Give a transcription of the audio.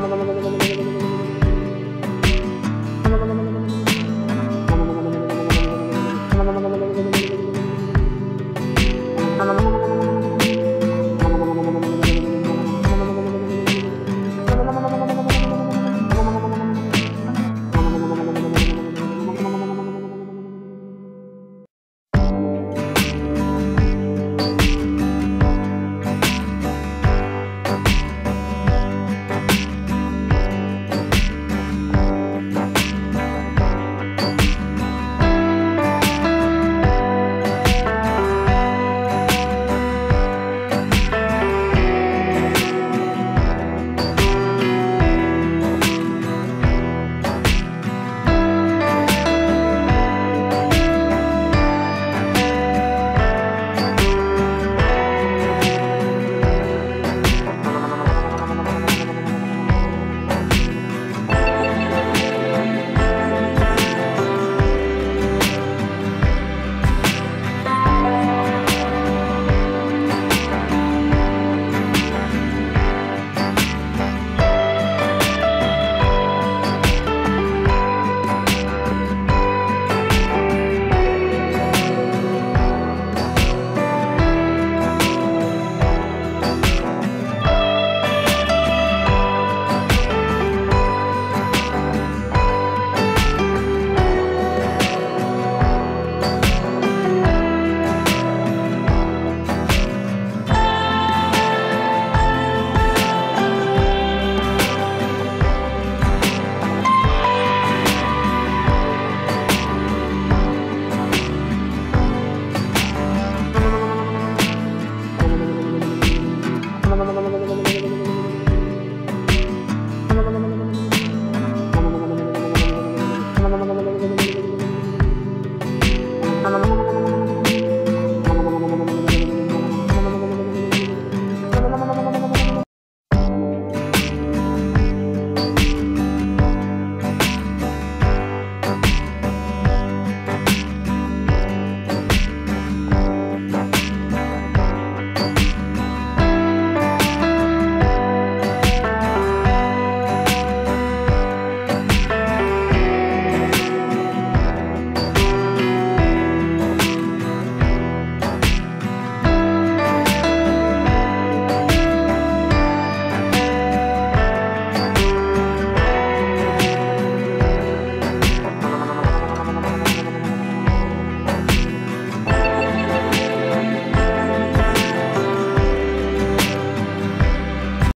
no, no, no, no, no.